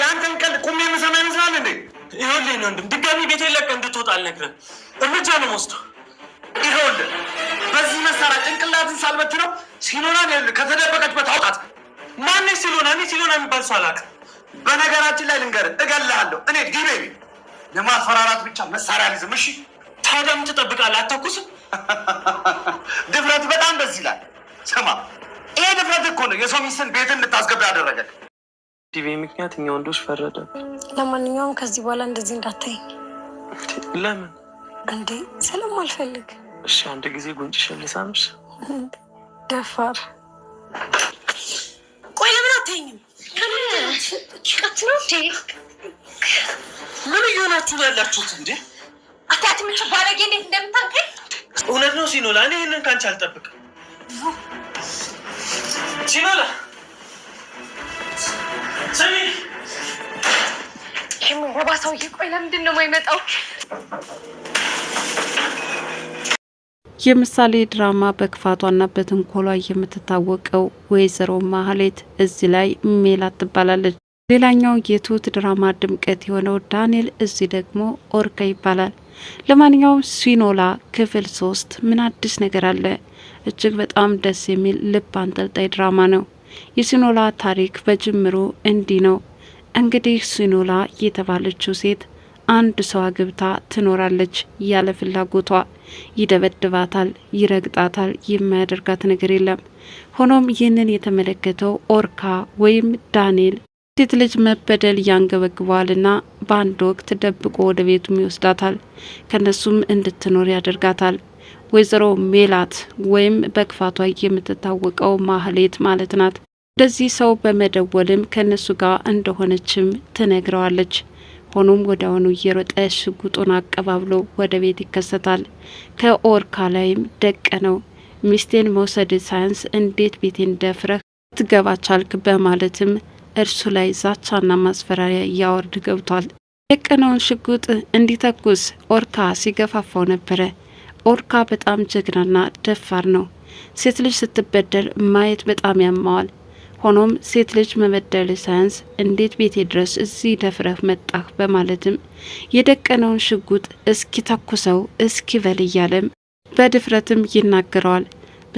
ያንተን ቀልድ ቁሜ የምሰማ ይመስላል እንዴ? ይኸውልህ ወንድም ድጋሚ ቤት የለቀ እንድትወጣ አልነግረን እርምጃ ነው ወስዶ። ይኸውልህ በዚህ መሳሪያ ጭንቅላትን ሳልበት ነው ሲሎናን ከተደበቀችበት አውጣት። ማነች ሲሎና? እኔ ሲሎና የሚባል ሰው አላውቅም። በነገራችን ላይ ልንገርህ፣ እገልሃለሁ። እኔ ዲቤ ለማፈራራት ብቻ መሳሪያ ልዝም። እሺ ታዲያ ምን ትጠብቃለህ? አተኩስም። ድፍረት በጣም ደስ ይላል። ስማ ይሄ ድፍረት እኮ ነው የሰው ሚስትን ቤትን እንድታስገባ ያደረገ ዲቪ ምክንያት እኛ ወንዶች ፈረደብን። ለማንኛውም ከዚህ በኋላ እንደዚህ እንዳታይ። ለምን እንዴ? ስለም አልፈልግ። እሺ፣ አንድ ጊዜ ጉንጭ ልሳምሽ። ደፋር። ቆይ ለምን አታይኝም? ምን እየሆናችሁ ነው ያላችሁት? እንዴ አታያትም? ምች ባለጌ እንዴት እንደምታንቀኝ እውነት ነው ሲኖላ። እኔ ይህንን ከአንቺ አልጠብቅም ሲኖላ ሰውዬ፣ ቆይ ለምንድን ነው የማይመጣው? የምሳሌ ድራማ በክፋቷና በትንኮሏ የምትታወቀው ወይዘሮ ማህሌት እዚህ ላይ ሜላት ትባላለች። ሌላኛው የትሁት ድራማ ድምቀት የሆነው ዳንኤል እዚህ ደግሞ ኦርካ ይባላል። ለማንኛውም ሲኖላ ክፍል ሶስት ምን አዲስ ነገር አለ? እጅግ በጣም ደስ የሚል ልብ አንጠልጣይ ድራማ ነው። የሲኖላ ታሪክ በጅምሩ እንዲህ ነው። እንግዲህ ሲኖላ የተባለችው ሴት አንድ ሰው አግብታ ትኖራለች። ያለ ፍላጎቷ ይደበድባታል፣ ይረግጣታል፣ የማያደርጋት ነገር የለም። ሆኖም ይህንን የተመለከተው ኦርካ ወይም ዳንኤል ሴት ልጅ መበደል ያንገበግበዋልና በአንድ ወቅት ደብቆ ወደ ቤቱም ይወስዳታል። ከነሱም እንድትኖር ያደርጋታል። ወይዘሮ ሜላት ወይም በክፋቷ የምትታወቀው ማህሌት ማለት ናት። ወደዚህ ሰው በመደወልም ከእነሱ ጋር እንደሆነችም ትነግረዋለች። ሆኖም ወዲያውኑ እየሮጠ ሽጉጡን አቀባብሎ ወደ ቤት ይከሰታል። ከኦርካ ላይም ደቀ ነው። ሚስቴን መውሰድ ሳያንስ እንዴት ቤቴን ደፍረህ ትገባ ቻልክ? በማለትም እርሱ ላይ ዛቻና ማስፈራሪያ እያወርድ ገብቷል። የቀነውን ሽጉጥ እንዲተኩስ ኦርካ ሲገፋፋው ነበረ። ኦርካ በጣም ጀግናና ደፋር ነው። ሴት ልጅ ስትበደል ማየት በጣም ያማዋል። ሆኖም ሴት ልጅ መበደል ሳያንስ እንዴት ቤቴ ድረስ እዚህ ደፍረህ መጣህ በማለትም የደቀነውን ሽጉጥ እስኪ ተኩሰው እስኪ በል እያለም በድፍረትም ይናገረዋል።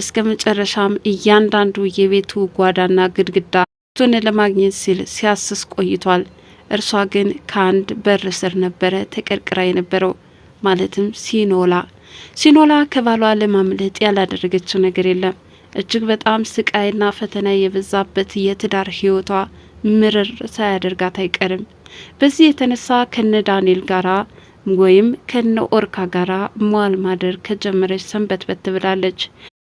እስከ መጨረሻም እያንዳንዱ የቤቱ ጓዳና ግድግዳ ቱን ለማግኘት ሲል ሲያስስ ቆይቷል። እርሷ ግን ከአንድ በር ስር ነበረ ተቀርቅራ የነበረው ማለትም ሲኖላ ሲኖላ ከባሏ ለማምለጥ ያላደረገችው ነገር የለም። እጅግ በጣም ስቃይና ፈተና የበዛበት የትዳር ህይወቷ ምርር ሳያደርጋት አይቀርም። በዚህ የተነሳ ከነ ዳንኤል ጋራ ወይም ከነ ኦርካ ጋራ መዋል ማደር ከጀመረች በት ብላለች።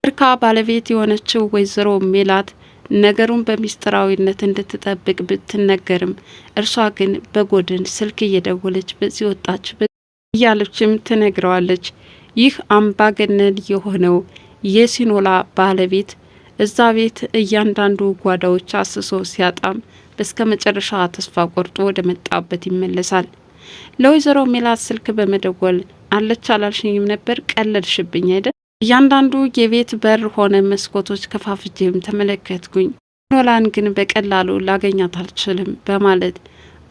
ኦርካ ባለቤት የሆነችው ወይዘሮ ሜላት ነገሩን በሚስጥራዊነት እንድትጠብቅ ብትነገርም እርሷ ግን በጎድን ስልክ እየደወለች በዚህ ወጣች እያለችም ትነግረዋለች። ይህ አምባገነን የሆነው የሲኖላ ባለቤት እዛ ቤት እያንዳንዱ ጓዳዎች አስሶ ሲያጣም እስከ መጨረሻ ተስፋ ቆርጦ ወደ መጣበት ይመለሳል። ለወይዘሮ ሜላት ስልክ በመደወል አለች አላልሽኝም ነበር ቀለድሽብኝ አይደል? እያንዳንዱ የቤት በር ሆነ መስኮቶች ከፋፍጄም ተመለከትኩኝ። ኖላን ግን በቀላሉ ላገኛት አልችልም በማለት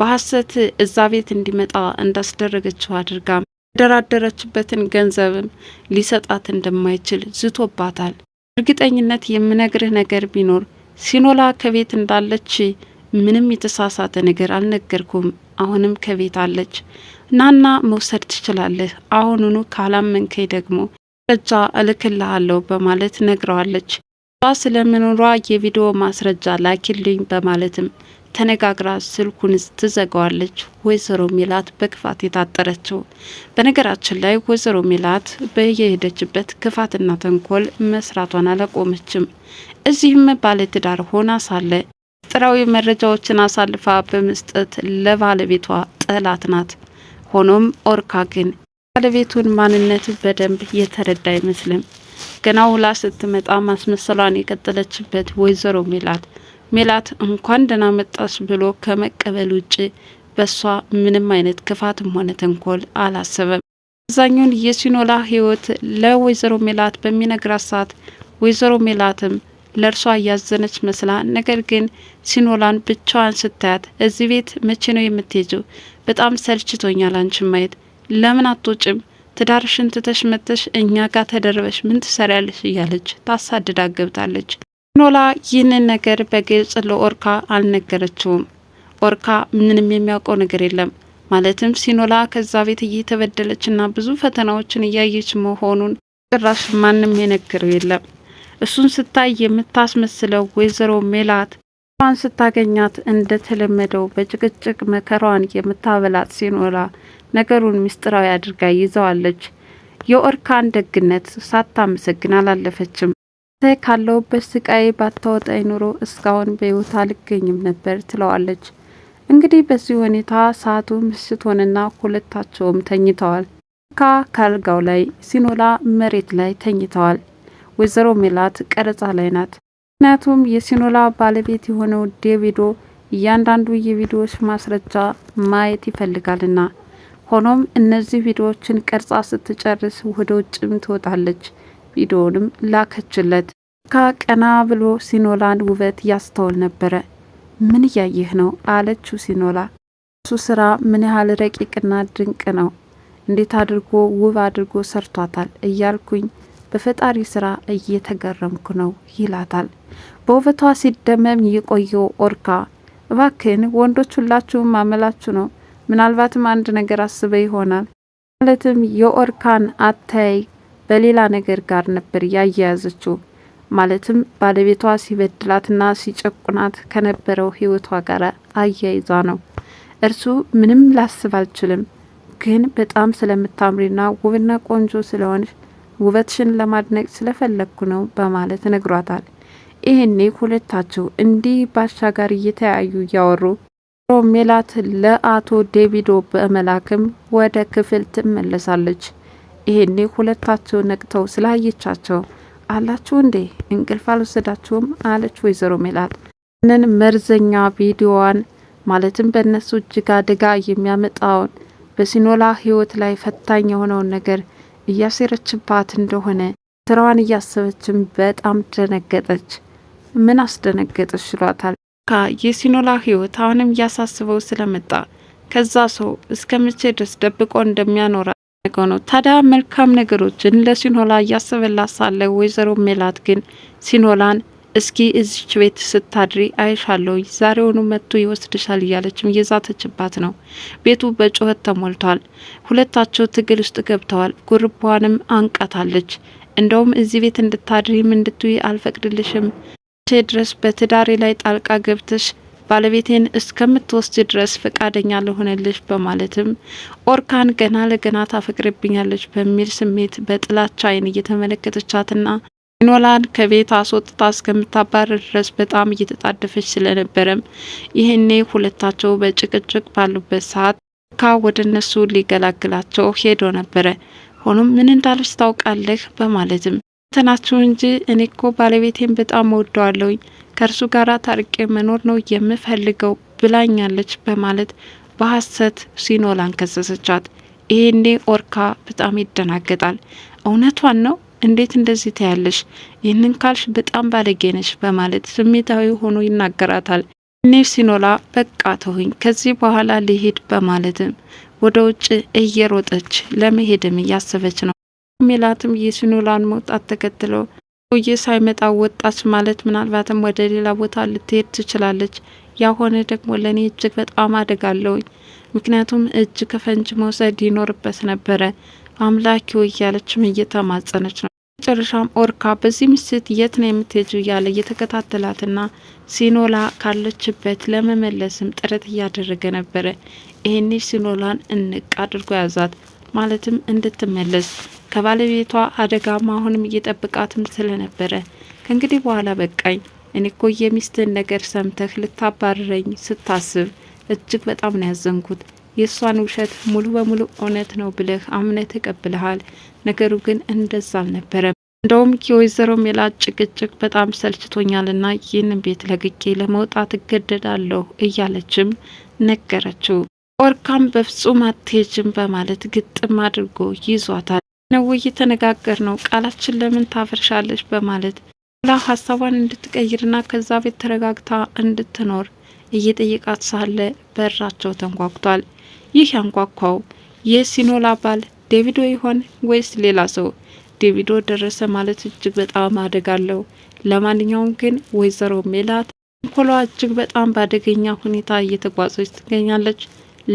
በሐሰት እዛ ቤት እንዲመጣ እንዳስደረገችው አድርጋም የተደራደረችበትን ገንዘብም ሊሰጣት እንደማይችል ዝቶባታል። እርግጠኝነት የምነግርህ ነገር ቢኖር ሲኖላ ከቤት እንዳለች ምንም የተሳሳተ ነገር አልነገርኩም። አሁንም ከቤት አለች። ናና መውሰድ ትችላለህ። አሁኑኑ ካላመንከኝ ደግሞ ረጃ እልክልሃለሁ በማለት ነግረዋለች። ባ ስለመኖሯ የቪዲዮ ማስረጃ ላኪልኝ በማለትም ተነጋግራ ስልኩን ትዘጋዋለች። ወይዘሮ ሚላት በክፋት የታጠረችው። በነገራችን ላይ ወይዘሮ ሚላት በየሄደችበት ክፋትና ተንኮል መስራቷን አላቆመችም። እዚህም ባለትዳር ሆና ሳለ ጥራዊ መረጃዎችን አሳልፋ በመስጠት ለባለቤቷ ጠላት ናት። ሆኖም ኦርካ ግን ባለቤቱን ማንነት በደንብ የተረዳ አይመስልም። ገና ውላ ስትመጣ ማስመሰሏን የቀጠለችበት ወይዘሮ ሚላት ሜላት እንኳን ደህና መጣሽ ብሎ ከመቀበል ውጭ በሷ ምንም አይነት ክፋትም ሆነ ተንኮል አላሰበም። አብዛኛውን የሲኖላ ህይወት ለወይዘሮ ሜላት በሚነግራት ሰዓት ወይዘሮ ሜላትም ለእርሷ እያዘነች መስላ፣ ነገር ግን ሲኖላን ብቻዋን ስታያት እዚህ ቤት መቼ ነው የምትሄጂው? በጣም ሰልችቶኛል አንቺን ማየት። ለምን አትወጭም? ትዳርሽን ትተሽ መጥተሽ እኛ ጋር ተደርበሽ ምን ትሰሪያለሽ? እያለች ታሳድዳ ገብታለች። ኖላ ይህንን ነገር በግልጽ ለኦርካ አልነገረችውም። ኦርካ ምንም የሚያውቀው ነገር የለም። ማለትም ሲኖላ ከዛ ቤት እየተበደለችና ብዙ ፈተናዎችን እያየች መሆኑን ጭራሽ ማንም የነገረው የለም። እሱን ስታይ የምታስመስለው ወይዘሮ ሜላት ሯን ስታገኛት እንደተለመደው በጭቅጭቅ መከራዋን የምታበላት ሲኖላ ነገሩን ምስጢራዊ አድርጋ ይዘዋለች። የኦርካን ደግነት ሳታመሰግን አላለፈችም። ካለውበት ስቃይ ባታወጣኝ ኑሮ እስካሁን በሕይወት አልገኝም ነበር ትለዋለች። እንግዲህ በዚህ ሁኔታ ሰዓቱ ምሽት ሆነና ሁለታቸውም ተኝተዋል። ካ ካልጋው ላይ ሲኖላ መሬት ላይ ተኝተዋል። ወይዘሮ ሜላት ቀረጻ ላይ ናት። ምክንያቱም የሲኖላ ባለቤት የሆነው ዴቪዶ እያንዳንዱ የቪዲዮዎች ማስረጃ ማየት ይፈልጋልና ሆኖም እነዚህ ቪዲዮዎችን ቀርጻ ስትጨርስ ወደ ውጭም ትወጣለች። ቪዲዮንም ላከችለት። ከቀና ብሎ ሲኖላን ውበት ያስተውል ነበረ። ምን እያየህ ነው አለችው ሲኖላ። እሱ ስራ ምን ያህል ረቂቅና ድንቅ ነው! እንዴት አድርጎ ውብ አድርጎ ሰርቷታል እያልኩኝ በፈጣሪ ስራ እየተገረምኩ ነው ይላታል። በውበቷ ሲደመም የቆየው ኦርካ እባክን ወንዶች ሁላችሁም አመላችሁ ነው፣ ምናልባትም አንድ ነገር አስበ ይሆናል ማለትም የኦርካን አታይ በሌላ ነገር ጋር ነበር እያያያዘችው። ማለትም ባለቤቷ ሲበድላትና ሲጨቁናት ከነበረው ሕይወቷ ጋር አያይዛ ነው። እርሱ ምንም ላስብ አልችልም፣ ግን በጣም ስለምታምሪና ውብና ቆንጆ ስለሆንሽ ውበትሽን ለማድነቅ ስለፈለግኩ ነው በማለት ነግሯታል። ይህኔ ሁለታቸው እንዲህ ባሻጋር እየተያዩ እያወሩ ሮሜላት ለአቶ ዴቪዶ በመላክም ወደ ክፍል ትመለሳለች። ይሄኔ ሁለታቸው ነቅተው ስላየቻቸው አላችሁ እንዴ እንቅልፍ አልወሰዳችሁም? አለች ወይዘሮ ሜላት። ንን መርዘኛ ቪዲዮዋን ማለትም በእነሱ እጅግ አደጋ የሚያመጣውን በሲኖላ ህይወት ላይ ፈታኝ የሆነውን ነገር እያሴረችባት እንደሆነ ስራዋን እያሰበችም በጣም ደነገጠች። ምን አስደነገጠች ይሏታል ካ የሲኖላ ህይወት አሁንም እያሳስበው ስለመጣ ከዛ ሰው እስከ መቼ ድረስ ደብቆ እንደሚያኖራ ያደረገው ነው። ታዲያ መልካም ነገሮችን ለሲኖላ እያሰበላት ሳለ ወይዘሮ ሜላት ግን ሲኖላን እስኪ እዚች ቤት ስታድሪ አይሻለሁ፣ ዛሬውኑ መጥቶ ይወስድሻል እያለችም እየዛተችባት ነው። ቤቱ በጩኸት ተሞልቷል። ሁለታቸው ትግል ውስጥ ገብተዋል። ጉርቧንም አንቀታለች። እንደውም እዚህ ቤት እንድታድሪም እንድትይ አልፈቅድልሽም ድረስ በትዳሬ ላይ ጣልቃ ገብተሽ ባለቤቴን እስከምትወስድ ድረስ ፈቃደኛ ለሆነልሽ በማለትም ኦርካን ገና ለገና ታፈቅርብኛለች በሚል ስሜት በጥላቻ አይን እየተመለከተቻትና ኖላን ከቤት አስወጥታ እስከምታባረር ድረስ በጣም እየተጣደፈች ስለነበረም ይህኔ ሁለታቸው በጭቅጭቅ ባሉበት ሰዓት ካ ወደ እነሱ ሊገላግላቸው ሄዶ ነበረ። ሆኖም ምን እንዳለች ታውቃለህ በማለትም ተናችሁ እንጂ እኔ እኮ ባለቤቴን በጣም ወደዋለውኝ ከእርሱ ጋር ታርቄ መኖር ነው የምፈልገው ብላኛለች በማለት በሐሰት ሲኖላን ከሰሰቻት። ይሄኔ ኦርካ በጣም ይደናገጣል። እውነቷን ነው እንዴት እንደዚህ ታያለሽ? ይህንን ካልሽ በጣም ባለጌ ነሽ በማለት ስሜታዊ ሆኖ ይናገራታል። እኔ ሲኖላ በቃ ተሁኝ ከዚህ በኋላ ልሄድ በማለትም ወደ ውጭ እየሮጠች ለመሄድም እያሰበች ነው። ሜላትም የሲኖላን መውጣት ተከትለው ሰውዬ ሳይመጣ ወጣች ማለት ምናልባትም ወደ ሌላ ቦታ ልትሄድ ትችላለች። ያሆነ ደግሞ ለእኔ እጅግ በጣም አደጋ አለውኝ። ምክንያቱም እጅ ከፈንጅ መውሰድ ይኖርበት ነበረ። አምላኪ እያለችም እየተማጸነች ነው። መጨረሻም ኦርካ በዚህ ምሽት የት ነው የምትሄጁ እያለ እየተከታተላትና ሲኖላ ካለችበት ለመመለስም ጥረት እያደረገ ነበረ። ይሄኔ ሲኖላን እንቅ አድርጎ ያዛት። ማለትም እንድትመለስ ከባለቤቷ አደጋ አሁንም እየጠብቃትም ስለነበረ ከእንግዲህ በኋላ በቃኝ፣ እኔኮ የሚስትን ነገር ሰምተህ ልታባረኝ ስታስብ እጅግ በጣም ነው ያዘንኩት። የእሷን ውሸት ሙሉ በሙሉ እውነት ነው ብለህ አምነህ ተቀብለሃል። ነገሩ ግን እንደዛ አልነበረም። እንደውም የወይዘሮ ሜላት ጭቅጭቅ በጣም ሰልችቶኛልና ይህንን ቤት ለግቄ ለመውጣት እገደዳለሁ እያለችም ነገረችው። ኦርካም በፍጹም አትሄጅም በማለት ግጥም አድርጎ ይዟታል። ነው እየተነጋገር ነው ቃላችን ለምን ታፈርሻለች በማለት ላ ሀሳቧን እንድትቀይርና ከዛ ቤት ተረጋግታ እንድትኖር እየጠየቃት ሳለ በራቸው ተንኳኩቷል። ይህ ያንኳኳው የሲኖላ ባል ዴቪዶ ይሆን ወይስ ሌላ ሰው? ዴቪዶ ደረሰ ማለት እጅግ በጣም አደጋ አለው። ለማንኛውም ግን ወይዘሮ ሜላት ተንኮሏ እጅግ በጣም በአደገኛ ሁኔታ እየተጓዘች ትገኛለች።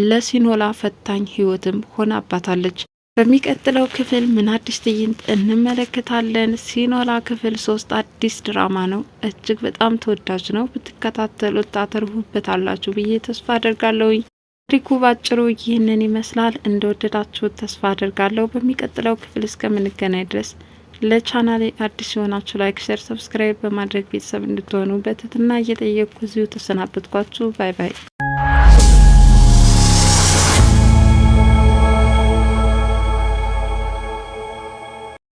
ለሲኖላ ፈታኝ ህይወትም ሆናባታለች። በሚቀጥለው ክፍል ምን አዲስ ትዕይንት እንመለከታለን? ሲኖላ ክፍል ሶስት አዲስ ድራማ ነው። እጅግ በጣም ተወዳጅ ነው። ብትከታተሉት ታተርፉበታላችሁ ብዬ ተስፋ አደርጋለሁ ታሪኩ ባጭሩ ይህንን ይመስላል። እንደወደዳችሁት ተስፋ አደርጋለሁ። በሚቀጥለው ክፍል እስከምንገናኝ ድረስ ለቻናሌ አዲስ የሆናችሁ ላይክ፣ ሸር፣ ሰብስክራይብ በማድረግ ቤተሰብ እንድትሆኑ በትህትና እየጠየቅኩ እዚሁ ተሰናበትኳችሁ። ባይ ባይ።